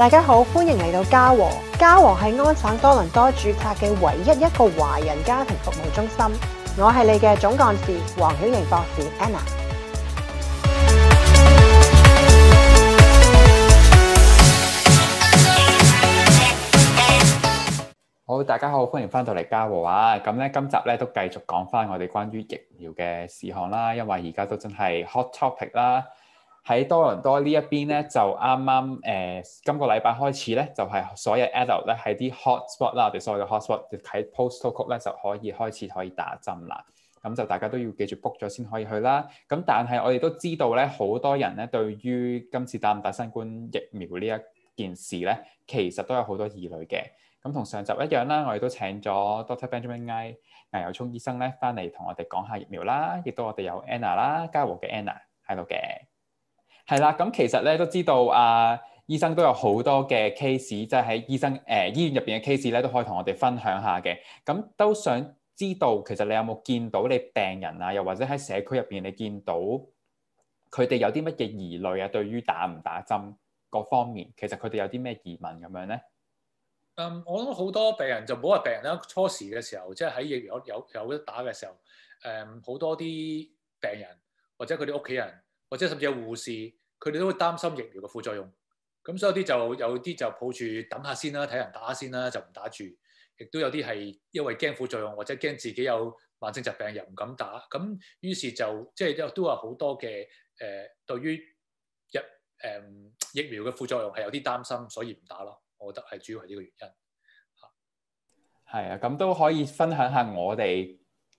大家好，歡迎嚟到嘉禾，嘉禾喺安省多倫多註冊嘅唯一一個華人家庭服務中心。我係你嘅總幹事黃曉瑩博士 Anna。好，大家好，歡迎翻到嚟嘉禾啊！咁咧，今集咧都繼續講翻我哋關於疫苗嘅事項啦，因為而家都真係 hot topic 啦。喺多倫多呢一邊咧，就啱啱誒，今個禮拜開始咧，就係所有 adult 咧喺啲 hotspot 啦，我哋所謂嘅 hotspot，喺 postal code 咧就可以開始可以打針啦。咁就大家都要記住 book 咗先可以去啦。咁但係我哋都知道咧，好多人咧對於今次打唔打新冠疫苗呢一件事咧，其實都有好多疑慮嘅。咁同上集一樣啦，我哋都請咗 Doctor Benjamin I 魏有聰醫生咧翻嚟同我哋講下疫苗啦。亦都我哋有 Anna 啦 An，嘉和嘅 Anna 喺度嘅。係啦，咁、嗯、其實咧都知道，阿、啊、醫生都有好多嘅 case，即係喺醫生誒、呃、醫院入邊嘅 case 咧，都可以同我哋分享下嘅。咁、嗯、都想知道，其實你有冇見到你病人啊，又或者喺社區入邊你見到佢哋有啲乜嘢疑慮啊？對於打唔打針各方面，其實佢哋有啲咩疑問咁樣咧？誒、嗯，我諗好多病人就冇話病人啦，初時嘅時候，即係喺疫苗有有得打嘅時候，誒、嗯、好多啲病人或者佢哋屋企人或者甚至係護士。佢哋都會擔心疫苗嘅副作用，咁所以啲就有啲就抱住等下先啦，睇人打先啦，就唔打住。亦都有啲係因為驚副作用，或者驚自己有慢性疾病又唔敢打。咁於是就即係都有好多嘅誒，對、呃、於一誒、呃、疫苗嘅副作用係有啲擔心，所以唔打咯。我覺得係主要係呢個原因。係啊，咁都可以分享下我哋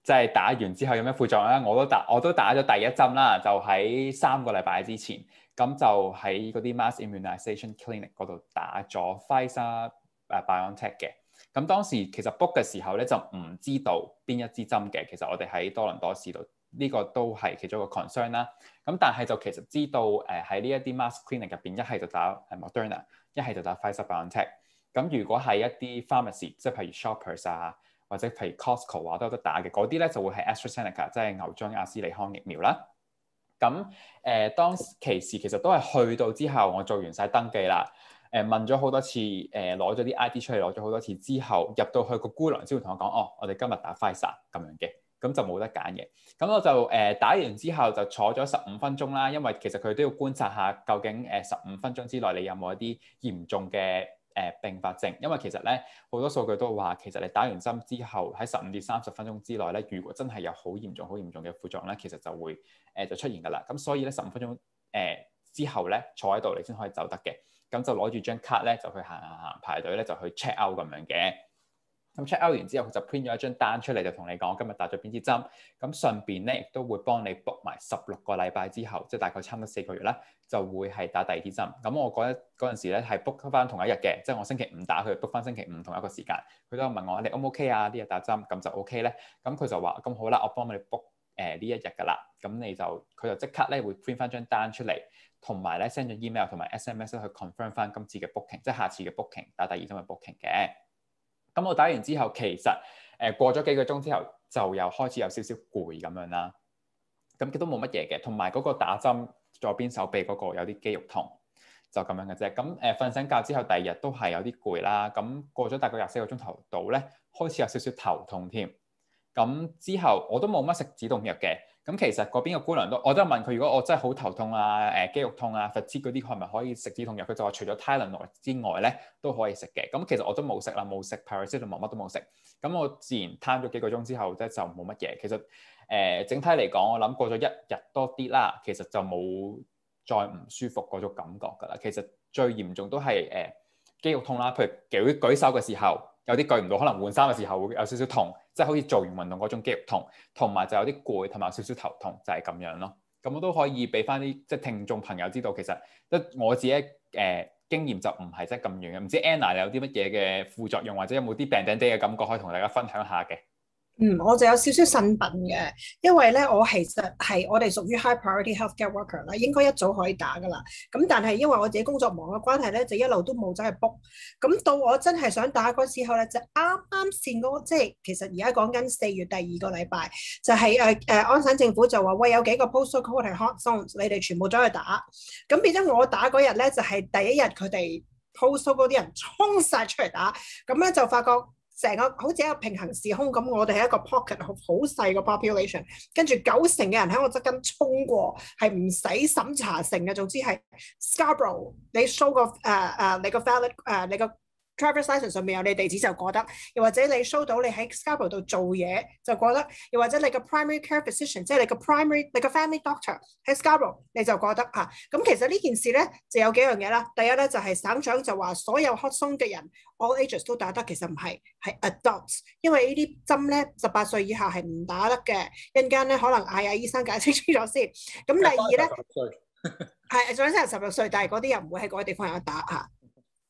即係打完之後有咩副作用啦。我都打我都打咗第一針啦，就喺三個禮拜之前。咁就喺嗰啲 mass immunization clinic 嗰度打咗輝沙誒 BioNTech 嘅。咁當時其實 book 嘅時候咧就唔知道邊一支針嘅。其實我哋喺多倫多市度呢個都係其中一個 concern 啦。咁但係就其實知道誒喺呢一啲 mass clinic 入邊一係就打 Moderna，一係就打輝沙 BioNTech。咁如果係一啲 pharmacy，即係譬如 Shoppers 啊或者譬如 Costco 啊都有得打嘅，嗰啲咧就會係 AstraZeneca 即係牛津阿斯利康疫苗啦。咁誒、呃、當其時其實都係去到之後，我做完晒登記啦，誒、呃、問咗好多次，誒攞咗啲 ID 出嚟，攞咗好多次之後，入到去個姑娘先會同我講，哦，我哋今日打 Pfizer 咁樣嘅，咁就冇得揀嘅。咁我就誒、呃、打完之後就坐咗十五分鐘啦，因為其實佢都要觀察下究竟誒十五分鐘之內你有冇一啲嚴重嘅。誒併發症，因為其實咧好多數據都話，其實你打完針之後喺十五至三十分鐘之內咧，如果真係有好嚴重好嚴重嘅副作用咧，其實就會誒、呃、就出現㗎啦。咁所以咧十五分鐘誒、呃、之後咧坐喺度，你先可以走得嘅。咁就攞住張卡咧，就去行行行排隊咧，就去 check out 咁樣嘅。check out 完之後，佢就 print 咗一張單出嚟，就同你講今日打咗邊支針。咁順便咧，亦都會幫你 book 埋十六個禮拜之後，即係大概差唔多四個月咧，就會係打第二支針。咁我嗰一嗰陣時咧，係 book 翻同一日嘅，即係我星期五打，佢 book 翻星期五同一個時間。佢都有問我，你 O 唔 O K 啊？呢日打針咁就 O K 咧。咁佢就話，咁好啦，我幫你 book 誒呢一日㗎啦。咁你就佢就即刻咧會 print 翻張單出嚟，同埋咧 send 咗 email 同埋 sms 去 confirm 翻今次嘅 booking，即係下次嘅 booking 打第二針嘅 booking 嘅。咁我打完之後，其實誒、呃、過咗幾個鐘之後，就又開始有少少攰咁樣啦。咁亦都冇乜嘢嘅，同埋嗰個打針左邊手臂嗰個有啲肌肉痛，就咁樣嘅啫。咁誒瞓醒覺之後，第二日都係有啲攰啦。咁過咗大概廿四個鐘頭度咧，開始有少少頭痛添。咁之後我都冇乜食止痛藥嘅。咁其實嗰邊個姑娘都，我都問佢，如果我真係好頭痛啊、誒肌肉痛啊、fatigue 嗰啲，係咪可以食止痛藥？佢就話除咗 Tylenol 之外咧，都可以食嘅。咁其實我 id，都冇食啦，冇食 paracetamol，乜都冇食。咁我自然攤咗幾個鐘之後咧，就冇乜嘢。其實誒、呃、整體嚟講，我諗過咗一日多啲啦，其實就冇再唔舒服嗰種感覺㗎啦。其實最嚴重都係誒、呃、肌肉痛啦、啊，譬如舉舉手嘅時候。有啲攰唔到，可能換衫嘅時候會有少少痛，即係好似做完運動嗰種肌肉痛，同埋就有啲攰，同埋有少少頭痛，就係、是、咁樣咯。咁我都可以俾翻啲即係聽眾朋友知道，其實得我自己誒、呃、經驗就唔係即係咁樣嘅。唔知 Anna 有啲乜嘢嘅副作用，或者有冇啲病病地嘅感覺可以同大家分享下嘅？嗯，我就有少少呻笨嘅，因為咧我其實係我哋屬於 high priority healthcare worker 啦，應該一早可以打㗎喇。咁但係因為我自己工作忙嘅關係咧，就一路都冇走去 book。咁到我真係想打嗰時候咧，就啱啱先嗰，即係其實而家講緊四月第二個禮拜，就係誒誒安省政府就話喂有幾個 postcode 係 hot zones，你哋全部走去打。咁變咗我打嗰日咧，就係、是、第一日佢哋 postcode 嗰啲人衝晒出嚟打，咁咧就發覺。成個好似一個平行時空咁，我哋係一個 pocket 好細個 population，跟住九成嘅人喺我側跟衝過，係唔使審查成嘅，總之係 Scarborough，你 show 個誒誒你個 valid 誒你個。Travel licence 上面有你地址就過得，又或者你 show 到你喺 Scarborough 度做嘢就過得，又或者你個 primary care physician，即係你個 primary 你個 family doctor 喺 Scarborough 你就過得嚇。咁、啊、其實呢件事咧就有幾樣嘢啦。第一咧就係、是、省長就話所有 hotspot 嘅人 all ages 都打得，其實唔係係 adults，因為呢啲針咧十八歲以下係唔打得嘅。一陣間咧可能嗌阿醫生解釋清楚先。咁、 嗯、第二咧係最低先係十六歲，但係嗰啲人唔會喺嗰個地方有得打嚇。啊。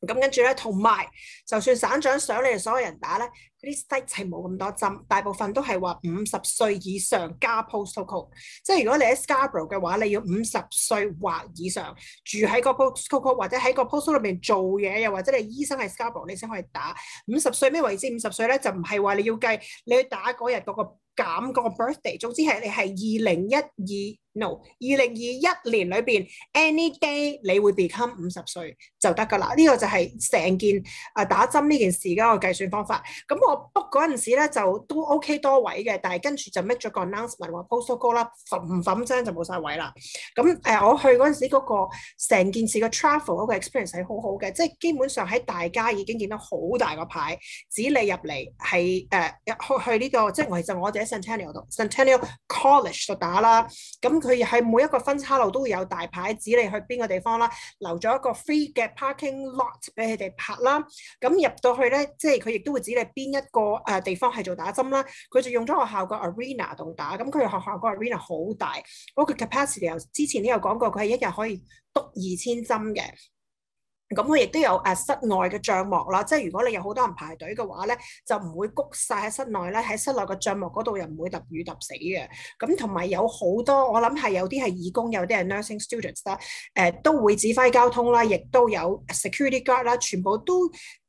咁跟住咧，同埋就算省長想你哋所有人打咧，嗰啲劑情冇咁多針，大部分都係話五十歲以上加 postcode，即係如果你喺 Scarborough 嘅話，你要五十歲或以上住喺個 postcode 或者喺個 postcode 入面做嘢，又或者你醫生喺 Scarborough，你先可以打五十歲咩為止。五十歲咧就唔係話你要計你去打嗰日嗰個減、嗰個 birthday，總之係你係二零一二。No，二零二一年裏邊 any day 你會 become 五十歲就得㗎啦，呢個就係成件啊打針呢件事嘅一個計算方法。咁我 book 嗰陣時咧就都 OK 多位嘅，但係跟住就 make 咗個 announcement 話 postpone 啦，冚唪唥就冇晒位啦。咁誒，我去嗰陣時嗰個成件事個 travel 嗰個 experience 係好好嘅，即係基本上喺大家已經見到好大個牌，指你入嚟係誒去去呢個，即我其實我哋喺 Centennial 度，Centennial College 度打啦，咁。佢係每一個分叉路都會有大牌指你去邊個地方啦，留咗一個 free 嘅 parking lot 俾佢哋泊啦。咁入到去咧，即係佢亦都會指你邊一個誒地方係做打針啦。佢就用咗學校個 arena 度打，咁佢學校個 arena 好大，嗰、嗰個 capacity 之前都有講過，佢係一日可以篤二千針嘅。咁佢亦都有誒室外嘅帳幕啦，即係如果你有好多人排隊嘅話咧，就唔會谷晒喺室內咧，喺室內個帳幕嗰度又唔會揼雨揼死嘅。咁同埋有好多，我諗係有啲係義工，有啲係 nursing students 啦，誒都會指揮交通啦，亦都有 security guard 啦，全部都。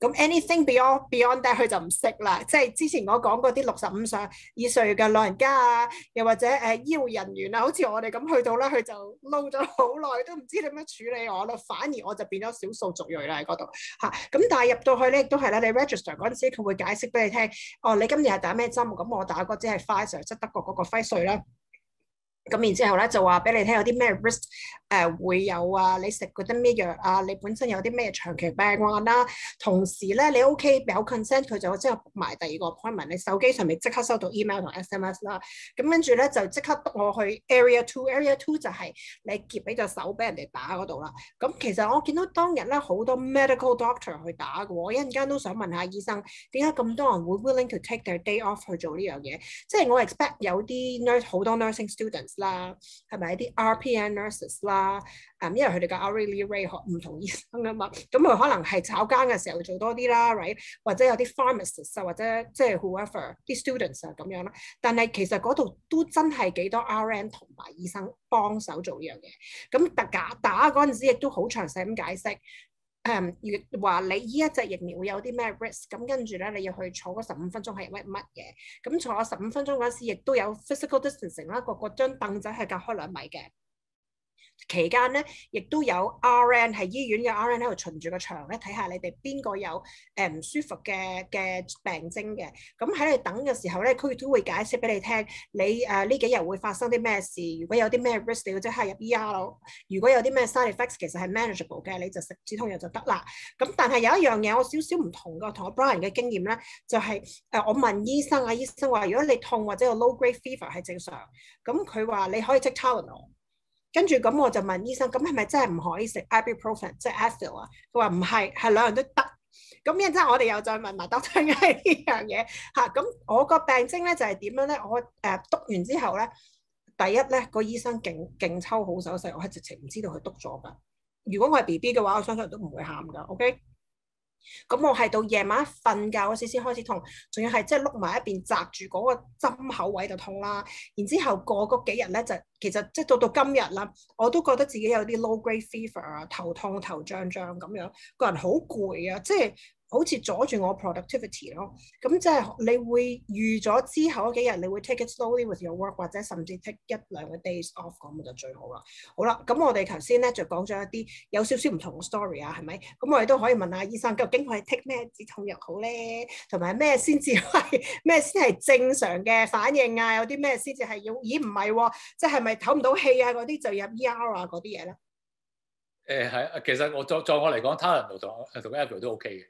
咁 anything beyond beyond that 佢就唔識啦，即係之前我講過啲六十五歲以上嘅老人家啊，又或者誒、呃、醫護人員啊，好似我哋咁去到咧，佢就撈咗好耐，都唔知點樣處理我咯。反而我就變咗少數族裔啦喺嗰度嚇。咁、啊、但係入到去咧，亦都係咧，你 register 嗰陣時佢會解釋俾你聽，哦，你今年係打咩針？咁我打嗰支係 Pfizer，即係德國嗰個輝瑞啦。咁然之後咧，就話俾你聽有啲咩 risk 誒會有啊？你食嗰啲咩藥啊？你本身有啲咩長期病患啦、啊？同時咧，你 OK 表 consent，佢就即刻 book 埋第二個 appointment。你手機上面即刻收到 email 同 SMS 啦。咁跟住咧，就即刻督我去 area two，area two 就係你夾喺隻手俾人哋打嗰度啦。咁、嗯、其實我見到當日咧，好多 medical doctor 去打嘅，我一陣間都想問下醫生點解咁多人會 willing to take their day off 去做呢樣嘢？即係我 expect 有啲 nurse 好多 nursing students。啦，係咪一啲 RPN nurses 啦？誒，因為佢哋嘅 arrayly 學唔同醫生噶嘛，咁佢可能係炒更嘅時候做多啲啦，或者有啲 pharmacist 啊，或者即係 whoever 啲 students 啊咁樣啦。但係其實嗰度都真係幾多 RN 同埋醫生幫手做呢樣嘢。咁特假打嗰陣時亦都好詳細咁解釋。誒，如話、嗯、你依一隻疫苗會有啲咩 risk，咁跟住咧你要去坐嗰十五分鐘係為乜嘢？咁坐十五分鐘嗰時亦都有 physical distancing 啦，個個張凳仔係隔開兩米嘅。期間咧，亦都有 RN 係醫院嘅 RN 喺度巡住個場咧，睇下你哋邊個有誒唔、呃、舒服嘅嘅病徵嘅。咁喺你等嘅時候咧，佢都會解釋俾你聽，你誒呢、呃、幾日會發生啲咩事。如果有啲咩 risk，或者係入 ER，如果有啲咩 side effects 其實係 manageable 嘅，你就食止痛藥就得啦。咁但係有一樣嘢，我少少唔同嘅，同我 Brian 嘅經驗咧，就係、是、誒、呃、我問醫生，阿、啊、醫生話如果你痛或者有 low grade fever 係正常，咁佢話你可以 take Tylenol。跟住咁我就問醫生，咁係咪真係唔可以食 ibuprofen 即係阿司啊？佢話唔係，係兩樣都得。咁然之後我哋又再問埋 doctor 嘅呢樣嘢嚇。咁我個病徵咧就係點樣咧？我誒篤、啊就是呃、完之後咧，第一咧、嗰個醫生勁勁抽好手勢，我係直情唔知道佢督咗㗎。如果我係 B B 嘅話，我相信都唔會喊㗎。O K。咁、嗯、我係到夜晚瞓覺嗰時先開始痛，仲要係即係碌埋一邊扎住嗰個針口位就痛啦。然之後過嗰幾日咧，就其實即係到到今日啦，我都覺得自己有啲 low grade fever 啊，頭痛頭脹脹咁樣，個人好攰啊，即係。好似阻住我 productivity 咯，咁即係你會預咗之後嗰幾日，你會 take it slowly with your work，或者甚至 take 一兩個 days off 咁就最好啦。好啦，咁我哋頭先咧就講咗一啲有少少唔同嘅 story 啊，係咪？咁我哋都可以問下醫生，究竟佢係 take 咩止痛藥好咧？同埋咩先至係咩先係正常嘅反應啊？有啲咩先至係要？咦，唔係喎，即係咪唞唔到氣啊？嗰啲就入 E.R. 啊嗰啲嘢咧。誒係、呃，其實我再再我嚟講，Talent 同同 Apple 都 OK 嘅。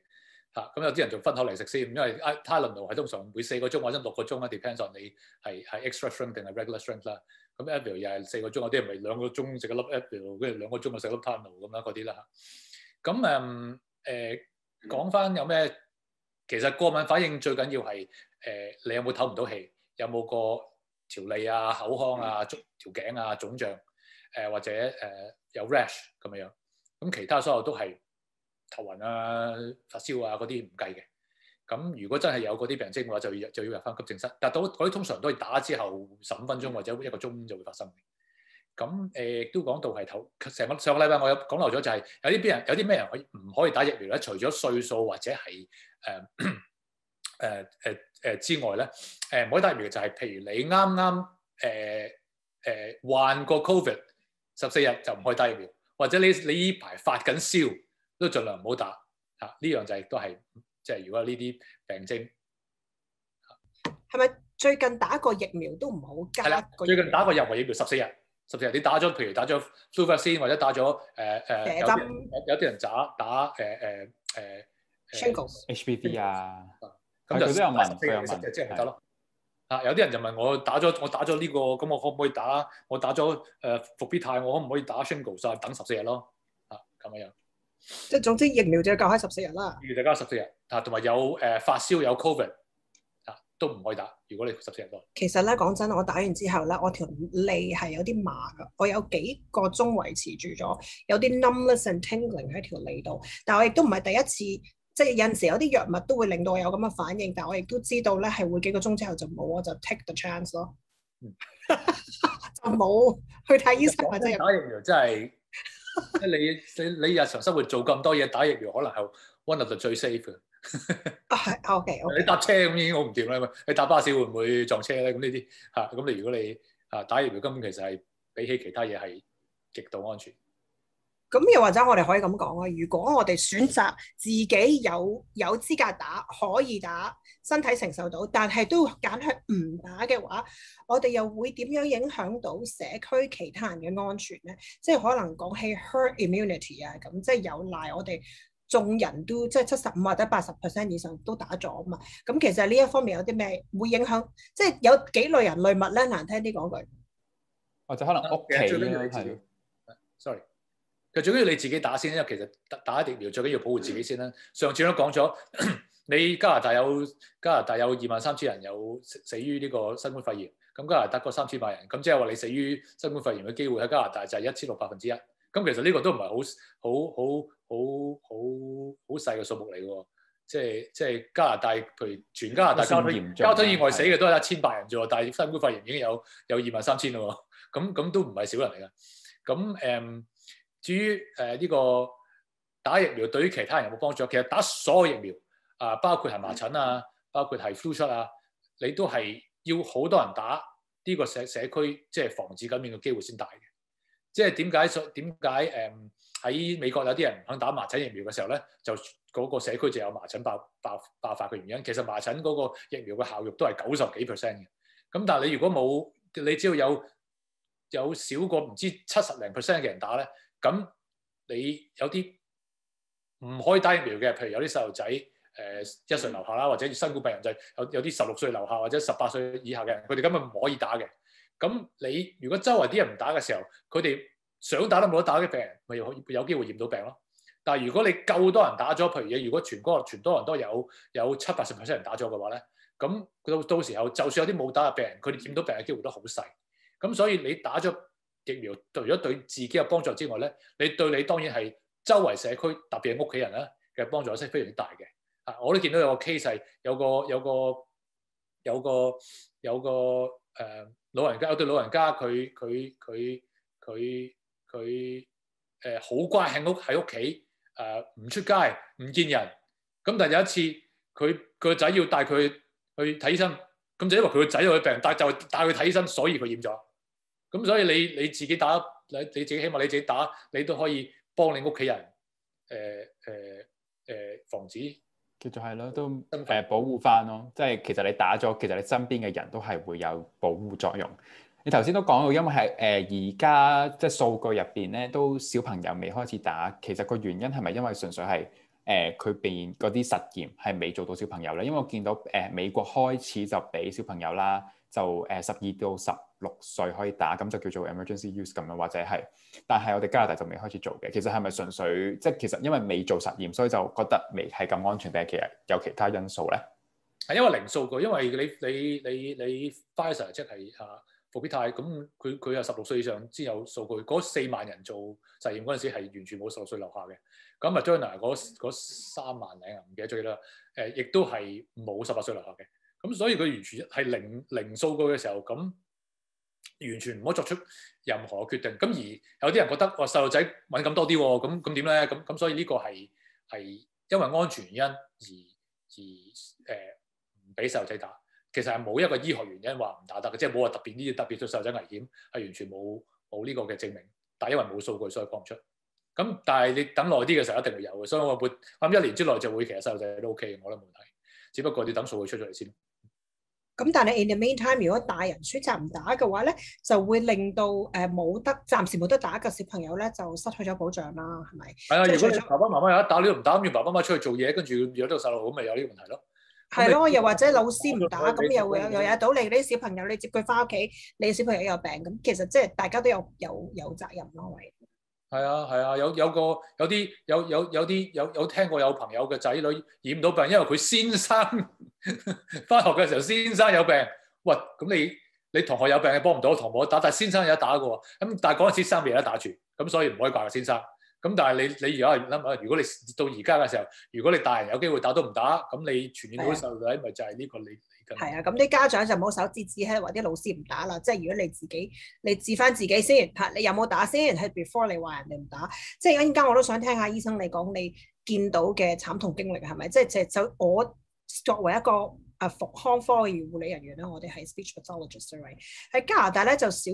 咁、啊、有啲人就分開嚟食先，因為 Tylenol 度係通常每四個鐘或者六個鐘啦，depends on 你係係 extra strength 定係 regular strength 啦。咁 Advil 又係四個鐘，有啲人咪兩個鐘食粒 Advil，跟住兩個鐘咪食粒 Tylenol 咁啦，嗰啲啦嚇。咁誒誒講翻有咩？其實過敏反應最緊要係誒、呃、你有冇唞唔到氣，有冇個條脷啊、口腔啊、條頸啊腫脹，誒、呃、或者誒、呃、有 rash 咁樣。咁、啊、其他所有都係。頭暈啊、發燒啊嗰啲唔計嘅。咁如果真係有嗰啲病徵嘅話，就要就要入翻急症室。但到嗰啲通常都係打之後十五分鐘或者一個鐘就會發生嘅。咁誒亦都講到係頭成個上個禮拜我講、就是、有講漏咗就係有啲邊人有啲咩人可以唔可以打疫苗咧？除咗歲數或者係誒誒誒誒之外咧，誒、呃、唔可以打疫苗就係、是、譬如你啱啱誒誒患過 COVID 十四日就唔可以打疫苗，或者你你呢排發緊燒。都儘量唔好打嚇，呢樣就亦都係即係如果呢啲病徵係咪最近打個疫苗都唔好㗎？係啦，最近打個任何疫苗十四日，十四日你打咗，譬如打咗 two v a c 或者打咗誒誒有啲人打打誒誒誒 Shingles H P V 啊，咁就都有問，都有問，即係得咯。啊，有啲人就問我打咗我打咗呢個，咁我可唔可以打我打咗誒復必泰，我可唔可以打 single 曬等十四日咯？啊，咁樣。即係總之疫苗就要夠喺十四日啦，預大家十四日吓，同、啊、埋有誒、呃、發燒有 covid 吓、啊、都唔可以打。如果你十四日多，其實咧講真，我打完之後咧，我條脷係有啲麻噶，我有幾個鐘維持住咗，有啲 numbness and tingling 喺條脷度。但係我亦都唔係第一次，即係有陣時有啲藥物都會令到我有咁嘅反應，但我亦都知道咧係會幾個鐘之後就冇，我就 take the chance 咯，嗯、 就冇去睇醫生或者。嗯、打疫苗真係。 你你你日常生活做咁多嘢，打疫苗可能係 one of the 最 safe 嘅。OK OK 你搭車咁已經好唔掂啦，你搭巴士會唔會撞車咧？咁呢啲吓，咁、啊、你如果你吓、啊、打疫苗根本其實係比起其他嘢係極度安全。咁又或者我哋可以咁講啊？如果我哋選擇自己有有資格打，可以打，身體承受到，但係都揀係唔打嘅話，我哋又會點樣影響到社區其他人嘅安全咧？即係可能講起 herd immunity 啊，咁即係有賴我哋眾人都即係七十五或者八十 percent 以上都打咗啊嘛。咁其實呢一方面有啲咩會影響？即係有幾類人類物咧？難聽啲講句，或者、哦、可能屋企咧 sorry。最緊要你自己打先，因為其實打打疫苗最緊要保護自己先啦。上次都講咗，你加拿大有加拿大有二萬三千人有死於呢個新冠肺炎，咁加拿大嗰三千萬人，咁即係話你死於新冠肺炎嘅機會喺加拿大就係一千六百分之一。咁其實呢個都唔係好好好好好好細嘅數目嚟㗎，即係即係加拿大，譬如全加拿大交通交通意外死嘅都係一千百人啫喎，但係新冠肺炎已經有有二萬三千啦喎，咁咁都唔係少人嚟㗎。咁誒？至於誒呢個打疫苗對於其他人有冇幫助？其實打所有疫苗啊，包括係麻疹啊，包括係呼出啊，你都係要好多人打呢個社社區，即係防止感染嘅機會先大嘅。即係點解？點解誒喺美國有啲人唔肯打麻疹疫苗嘅時候咧，就嗰個社區就有麻疹爆爆爆發嘅原因。其實麻疹嗰個疫苗嘅效用都係九十幾 percent 嘅。咁但係你如果冇，你只要有有少過唔知七十零 percent 嘅人打咧。咁你有啲唔可以打疫苗嘅，譬如有啲細路仔，誒、呃、一歲樓下啦，或者新冠病人就有有啲十六歲樓下或者十八歲以下嘅人，佢哋根本唔可以打嘅。咁你如果周圍啲人唔打嘅時候，佢哋想打都冇得打嘅病人，咪有機會染到病咯。但係如果你夠多人打咗，譬如如果全國全多人都有有七八十 percent 人打咗嘅話咧，咁到到時候就算有啲冇打嘅病人，佢哋染到病嘅機會都好細。咁所以你打咗。疫苗除咗對自己有幫助之外咧，你對你當然係周圍社區，特別係屋企人咧嘅幫助係非常大嘅。啊，我都見到有個 case 有個有個有個有個誒、呃、老人家，我對老人家佢佢佢佢佢誒好乖，喺屋喺屋企誒唔出街，唔見人。咁但係有一次佢佢個仔要帶佢去睇醫生，咁就因為佢個仔有病，就帶就帶佢睇醫生，所以佢染咗。咁所以你你自己打，你你自己希望你自己打，你都可以幫你屋企人誒誒誒防止，就係咯，都誒痛、呃、保護翻咯。即係其實你打咗，其實你身邊嘅人都係會有保護作用。你頭先都講到，因為係誒而家即係數據入邊咧，都小朋友未開始打，其實個原因係咪因為純粹係誒佢哋嗰啲實驗係未做到小朋友咧？因為我見到誒、呃、美國開始就俾小朋友啦，就誒十二到十，呃六歲可以打，咁就叫做 Emergency Use 咁樣，或者係，但係我哋加拿大就未開始做嘅。其實係咪純粹即係其實因為未做實驗，所以就覺得未係咁安全，定係其實有其他因素咧？係因為零數據，因為你你你你 Pfizer,、uh, p f i 即係啊復必泰咁，佢佢係十六歲以上先有數據，嗰四萬人做實驗嗰陣時係完全冇十六歲以下嘅。咁啊 Moderna 嗰三萬零唔記得幾啦。誒、呃，亦都係冇十八歲以下嘅。咁所以佢完全係零零數據嘅時候咁。完全唔好作出任何決定。咁而有啲人覺得，哇細路仔敏感多啲喎，咁咁點咧？咁咁所以呢個係係因為安全原因而而誒唔俾細路仔打。其實係冇一個醫學原因話唔打得嘅，即係冇話特別呢啲特別對細路仔危險，係完全冇冇呢個嘅證明。但因為冇數據，所以講唔出。咁但係你等耐啲嘅時候一定會有嘅。所以我會諗一年之內就會，其實細路仔都 OK，我諗冇問題。只不過你等數據出咗嚟先。咁但係 in the meantime，如果大人選擇唔打嘅話咧，就會令到誒冇得暫時冇得打嘅小朋友咧，就失去咗保障啦，係咪？係啊，如果爸爸媽媽有得打，你又唔打，跟住爸爸媽媽出去做嘢，跟住惹到細路，好咪有呢個問題咯。係咯，又或者老師唔打，咁又會又惹到你啲小朋友，你接佢返屋企，你小朋友有病，咁其實即係大家都有有有責任咯，係。係啊係啊，有有個有啲有有有啲有有聽過有朋友嘅仔女染到病，因為佢先生。 翻 學嘅時候，先生有病，喂，咁你你同學有病又幫唔到，同我打，但係先生有得打嘅，咁但係嗰陣時三樣都打住，咁所以唔可以怪先生。咁但係你你如果諗下，如果你到而家嘅時候，如果你大人有機會打都唔打，咁你傳染到啲細路仔，咪就係呢個你係啊，咁啲你、啊、家長就唔好手指指喺，話啲老師唔打啦。即係如果你自己你治翻自己先，拍你有冇打先，係 before 你話人哋唔打。即係一陣間我都想聽下醫生你講你見到嘅慘痛經歷係咪？即係就是、我。作為一個啊復康科嘅護理人員咧，我哋係 speech pathologist s 嚟，喺加拿大咧就少。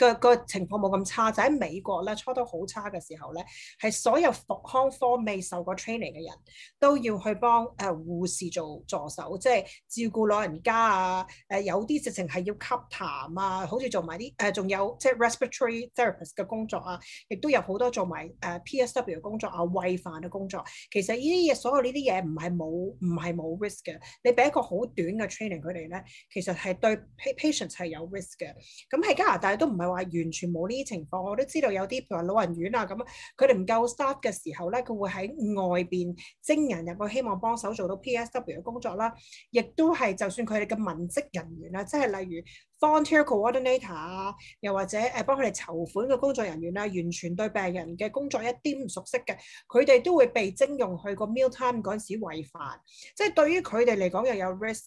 個個情況冇咁差，就喺、是、美國咧初都好差嘅時候咧，係所有復康科未受過 training 嘅人都要去幫誒、呃、護士做助手，即係照顧老人家啊，誒、呃、有啲直情係要吸痰啊，好似做埋啲誒仲有即係 respiratory therapist 嘅工作啊，亦都有好多做埋誒、呃、PSW 工作啊，餵飯嘅工作。其實呢啲嘢所有呢啲嘢唔係冇唔係冇 risk 嘅，你俾一個好短嘅 training 佢哋咧，其實係對 patients 係有 risk 嘅。咁喺加拿大都唔係，話完全冇呢啲情況，我都知道有啲，譬如話老人院啊咁佢哋唔夠 staff 嘅時候咧，佢會喺外邊徵人入去，希望幫手做到 PSW 嘅工作啦。亦都係就算佢哋嘅文職人員啊，即係例如 volunteer coordinator 啊，又或者誒幫佢哋籌款嘅工作人員啊，完全對病人嘅工作一啲唔熟悉嘅，佢哋都會被徵用去個 meal time 嗰陣時餵飯。即係對於佢哋嚟講，又有 risk。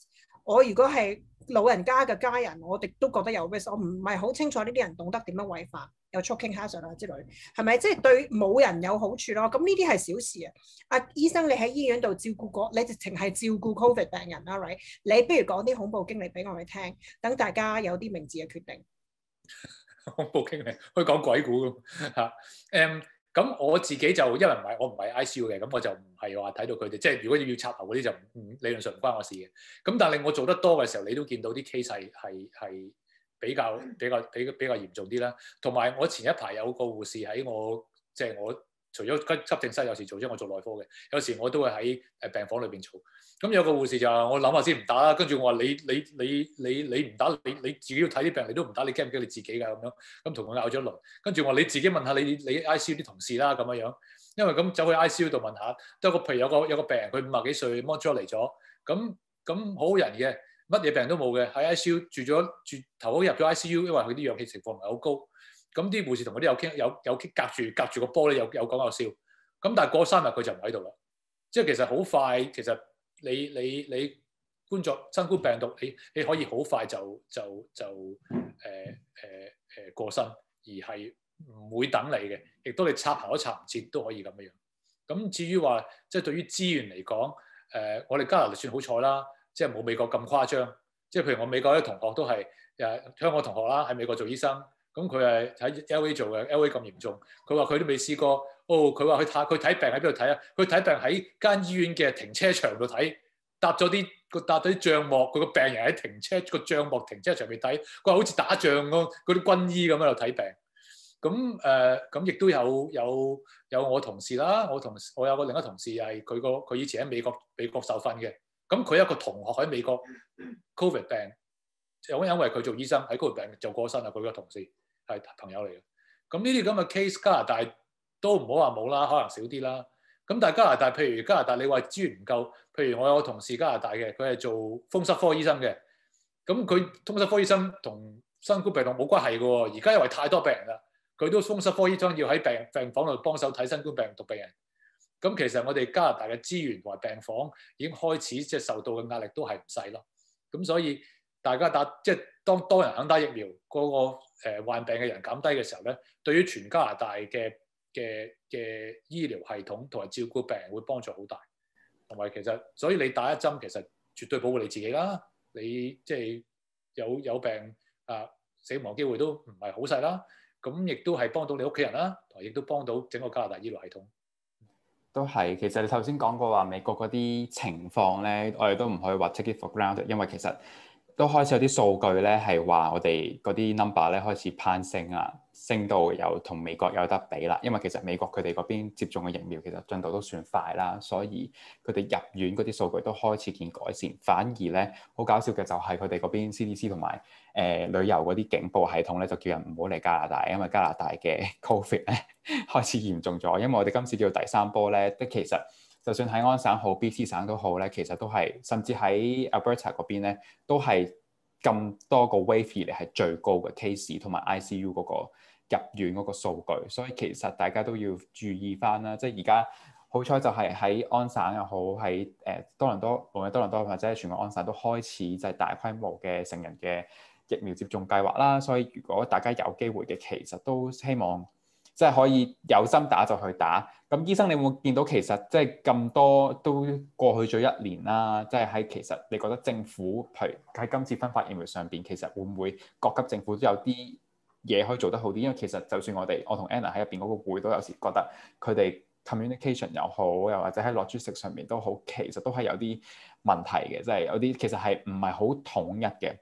我如果係老人家嘅家人，我哋都覺得有 risk，我唔係好清楚呢啲人懂得點樣餵飯，有 choking hazard 之類，係咪？即係對冇人有好處咯。咁呢啲係小事啊。阿醫生你醫，你喺醫院度照顧過，你直情係照顧 covid 病人啦，right？你不如講啲恐怖經歷俾我哋聽，等大家有啲明智嘅決定。恐怖經歷可以講鬼故咁嚇，誒、啊。Um, 咁我自己就因為唔係我唔係 ICU 嘅，咁我就唔係話睇到佢哋。即係如果要插喉嗰啲就唔理論上唔關我事嘅。咁但係我做得多嘅時候，你都見到啲 case 係係比較比較比比較嚴重啲啦。同埋我前一排有個護士喺我，即係我除咗急急症室有時做，咗我做內科嘅，有時我都會喺誒病房裏邊做。咁有個護士就話：我諗下先唔打啦。跟住我話你你你你你唔打你你自己要睇啲病人，你都唔打你驚唔驚你自己㗎咁樣？咁同佢拗咗輪。跟住我話你自己問下你你 ICU 啲同事啦咁樣樣。因為咁走去 ICU 度問下，都有個譬如有個有個,有個病人，佢五十幾歲 m o 嚟咗。咁咁好人嘅，乜嘢病都冇嘅，喺 ICU 住咗住,住，頭先入咗 ICU，因為佢啲氧氣情況唔係好高。咁啲護士同佢啲有傾有有,有隔住隔住個玻璃有有講有,有笑。咁但係過三日佢就唔喺度啦，即係其實好快,快，其實。其實你你你觀察新冠病毒，你你可以好快就就就誒誒誒過身，而係唔會等你嘅，亦都你插喉都插唔切都可以咁樣。咁至於話即係對於資源嚟講，誒、呃、我哋加拿大算好彩啦，即係冇美國咁誇張。即係譬如我美國啲同學都係誒香港同學啦，喺美國做醫生，咁佢係喺 LA 做嘅，LA 咁嚴重，佢話佢都未試過。哦，佢話去睇佢睇病喺邊度睇啊？佢睇病喺間醫院嘅停車場度睇，搭咗啲搭咗啲帳幕，佢個病人喺停車個帳幕停車場入面睇。佢話好似打仗咁，嗰啲軍醫咁喺度睇病。咁誒，咁、呃、亦都有有有我同事啦，我同事我有個另一個同事係佢個佢以前喺美國美國受訓嘅。咁佢一個同學喺美國 covid 病，就因為佢做醫生喺 covid 病做過身啊。佢個同事係朋友嚟嘅。咁呢啲咁嘅 case，加拿大。都唔好話冇啦，可能少啲啦。咁但係加拿大，譬如加拿大，你話資源唔夠。譬如我有個同事加拿大嘅，佢係做風濕科醫生嘅。咁佢風濕科醫生同新冠病毒冇關係嘅。而家因為太多病人啦，佢都風濕科醫生要喺病病房度幫手睇新冠病毒病人。咁其實我哋加拿大嘅資源同埋病房已經開始即係受到嘅壓力都係唔細咯。咁所以大家打即係、就是、當多人肯打疫苗，嗰個誒患病嘅人減低嘅時候咧，對於全加拿大嘅。嘅嘅醫療系統同埋照顧病人會幫助好大，同埋其實所以你打一針其實絕對保護你自己啦，你即係、就是、有有病啊，死亡機會都唔係好細啦，咁亦都係幫到你屋企人啦，同埋亦都幫到整個加拿大醫療系統。都係，其實你頭先講過話美國嗰啲情況咧，我哋都唔可以話 take it for granted，因為其實。都開始有啲數據咧，係話我哋嗰啲 number 咧，開始攀升啊，升到有同美國有得比啦。因為其實美國佢哋嗰邊接種嘅疫苗其實進度都算快啦，所以佢哋入院嗰啲數據都開始見改善。反而咧，好搞笑嘅就係佢哋嗰邊 CDC 同埋誒、呃、旅遊嗰啲警報系統咧，就叫人唔好嚟加拿大，因為加拿大嘅 COVID 咧 開始嚴重咗。因為我哋今次叫做第三波咧，但其實就算喺安省好，BC 省都好咧，其實都係，甚至喺 Alberta 嗰邊咧，都係咁多個 wave 以嚟係最高嘅 case，同埋 ICU 嗰個入院嗰個數據。所以其實大家都要注意返啦，即係而家好彩就係喺安省又好，喺誒、呃、多倫多無論多倫多，多，多或者係全個安省都開始就係大規模嘅成人嘅疫苗接種計劃啦。所以如果大家有機會嘅，其實都希望。即係可以有心打就去打。咁醫生，你有冇見到其實即係咁多都過去咗一年啦、啊？即係喺其實你覺得政府，譬如喺今次分發疫苗上邊，其實會唔會各級政府都有啲嘢可以做得好啲？因為其實就算我哋，我同 Anna 喺入邊嗰個會都有時覺得佢哋 communication 又好，又或者喺 logistic 上面都好，其實都係有啲問題嘅，即係有啲其實係唔係好統一嘅。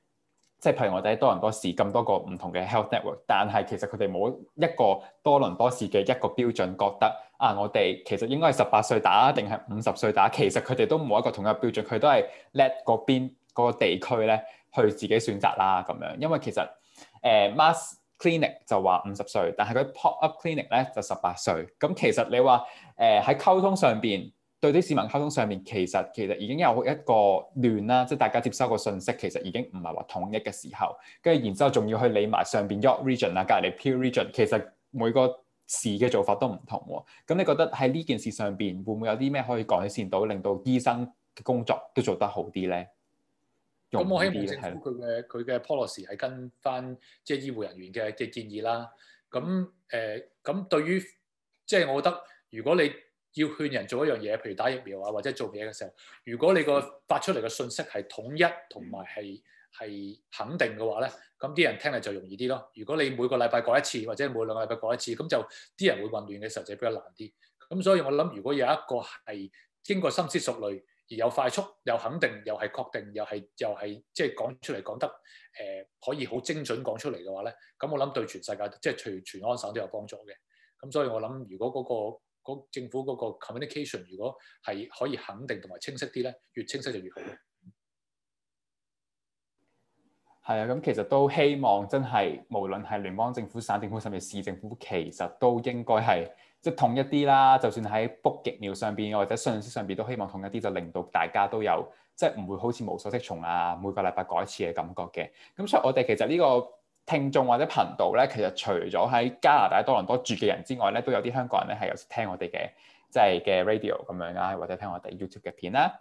即係譬如我哋喺多倫多市咁多個唔同嘅 health network，但係其實佢哋冇一個多倫多市嘅一個標準，覺得啊，我哋其實應該係十八歲打定係五十歲打，其實佢哋都冇一個統一標準，佢都係 let 嗰邊嗰、嗰個地區咧去自己選擇啦咁樣。因為其實誒、呃、mass clinic 就話五十歲，但係佢 pop up clinic 咧就十八歲。咁其實你話誒喺溝通上邊，對啲市民溝通上面，其實其實已經有一個亂啦，即係大家接收個信息其實已經唔係話統一嘅時候，跟住然之後仲要去理埋上邊 York Region 啊、隔籬 Peel Region，其實每個市嘅做法都唔同喎。咁你覺得喺呢件事上邊會唔會有啲咩可以改善到，令到醫生嘅工作都做得好啲咧？咁我希望政府佢嘅佢嘅 policy 係跟返即係醫護人員嘅嘅建議啦。咁誒咁對於即係我覺得如果你要勸人做一樣嘢，譬如打疫苗啊，或者做嘢嘅時候，如果你個發出嚟嘅信息係統一，同埋係係肯定嘅話咧，咁啲人聽嚟就容易啲咯。如果你每個禮拜過一次，或者每兩個禮拜過一次，咁就啲人會混亂嘅時候就比較難啲。咁所以我諗，如果有一個係經過深思熟慮，而又快速又肯定，又係確定，又係又係即係講出嚟講得誒、呃、可以好精準講出嚟嘅話咧，咁我諗對全世界即係全全安省都有幫助嘅。咁所以我諗，如果嗰個政府嗰個 communication 如果係可以肯定同埋清晰啲咧，越清晰就越好。係啊，咁其實都希望真係無論係聯邦政府、省政府甚至市政府，其實都應該係即統一啲啦。就算喺北極廟上邊或者信息上邊，都希望統一啲，就令到大家都有即唔、就係、會好似無所適從啊，每個禮拜改一次嘅感覺嘅。咁所以我哋其實呢、呢個。聽眾或者頻道咧，其實除咗喺加拿大多倫多住嘅人之外咧，都有啲香港人咧係有時聽我哋嘅即係、就、嘅、是、radio 咁樣啊，或者聽我哋 YouTube 嘅片啦。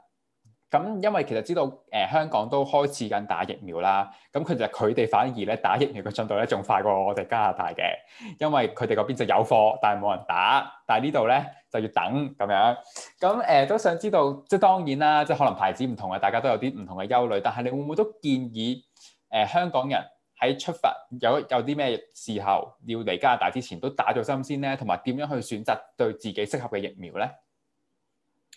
咁因為其實知道誒、呃、香港都開始緊打疫苗啦，咁佢就佢哋反而咧打疫苗嘅進度咧仲快過我哋加拿大嘅，因為佢哋嗰邊就有貨，但係冇人打，但係呢度咧就要等咁樣。咁誒、呃、都想知道，即係當然啦，即係可能牌子唔同啊，大家都有啲唔同嘅憂慮，但係你會唔會都建議誒、呃、香港人？喺出發有有啲咩時候要嚟加拿大之前都打咗針先咧，同埋點樣去選擇對自己適合嘅疫苗咧？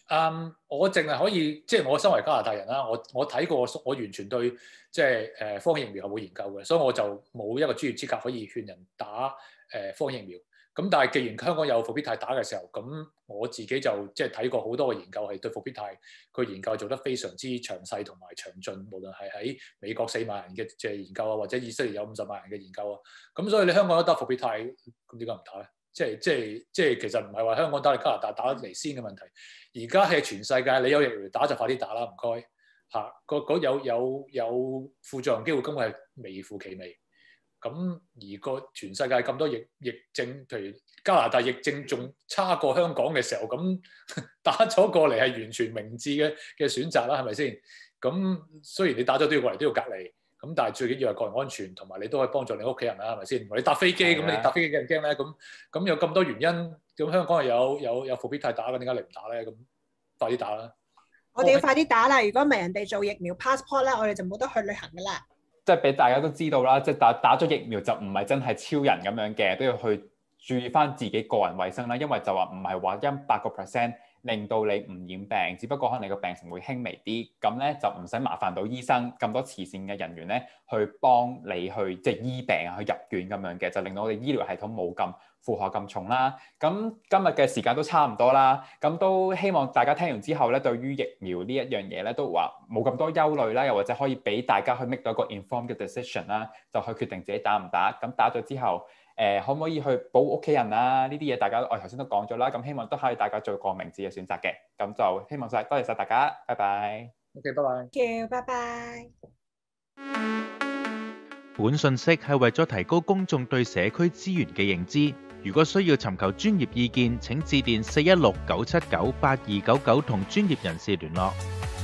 嗯，um, 我淨係可以即係、就是、我身為加拿大人啦，我我睇過我完全對即係誒科型疫苗冇研究嘅，所以我就冇一個專業資格可以勸人打誒、呃、科型疫苗。咁但係，既然香港有復必泰打嘅時候，咁我自己就即係睇過好多嘅研究，係對復必泰佢研究做得非常之詳細同埋詳盡，無論係喺美國四萬人嘅即係研究啊，或者以色列有五十萬人嘅研究啊。咁所以你香港都得復必泰，咁點解唔打咧？即係即係即係，其實唔係話香港打嚟加拿大打嚟先嘅問題。而家係全世界，你有疫苗打就快啲打啦，唔該嚇。個、啊、個有有有副作用機會根本係微乎其微。咁而個全世界咁多疫疫症，譬如加拿大疫症仲差過香港嘅時候，咁打咗過嚟係完全明智嘅嘅選擇啦，係咪先？咁雖然你打咗都要過嚟都要隔離，咁但係最緊要係個人安全，同埋你都可以幫助你屋企人啦，係咪先？你搭飛機咁，的你搭飛機驚唔驚咧？咁咁有咁多原因，咁香港係有有有伏必泰打嘅，打點解你唔打咧？咁快啲打啦！我哋要快啲打啦！如果唔係人哋做疫苗 passport 咧，我哋就冇得去旅行噶啦。即係俾大家都知道啦，即係打打咗疫苗就唔係真係超人咁樣嘅，都要去注意返自己個人衞生啦，因為就話唔係話一百個 percent。令到你唔染病，只不過可能你個病情會輕微啲，咁咧就唔使麻煩到醫生咁多慈善嘅人員咧，去幫你去即係醫病啊，去入院咁樣嘅，就令到我哋醫療系統冇咁負荷咁重啦。咁今日嘅時間都差唔多啦，咁都希望大家聽完之後咧，對於疫苗呢一樣嘢咧都話冇咁多憂慮啦，又或者可以俾大家去 make 到一個 informed 嘅 decision 啦，就去決定自己打唔打。咁打咗之後。誒、呃、可唔可以去保護屋企人啊？呢啲嘢大家我頭先都講咗啦，咁希望都可以大家做個明智嘅選擇嘅，咁就希望曬多謝晒大家，拜拜。O K，拜拜。拜拜。本信息係為咗提高公眾對社區資源嘅認知。如果需要尋求專業意見，請致電四一六九七九八二九九同專業人士聯絡。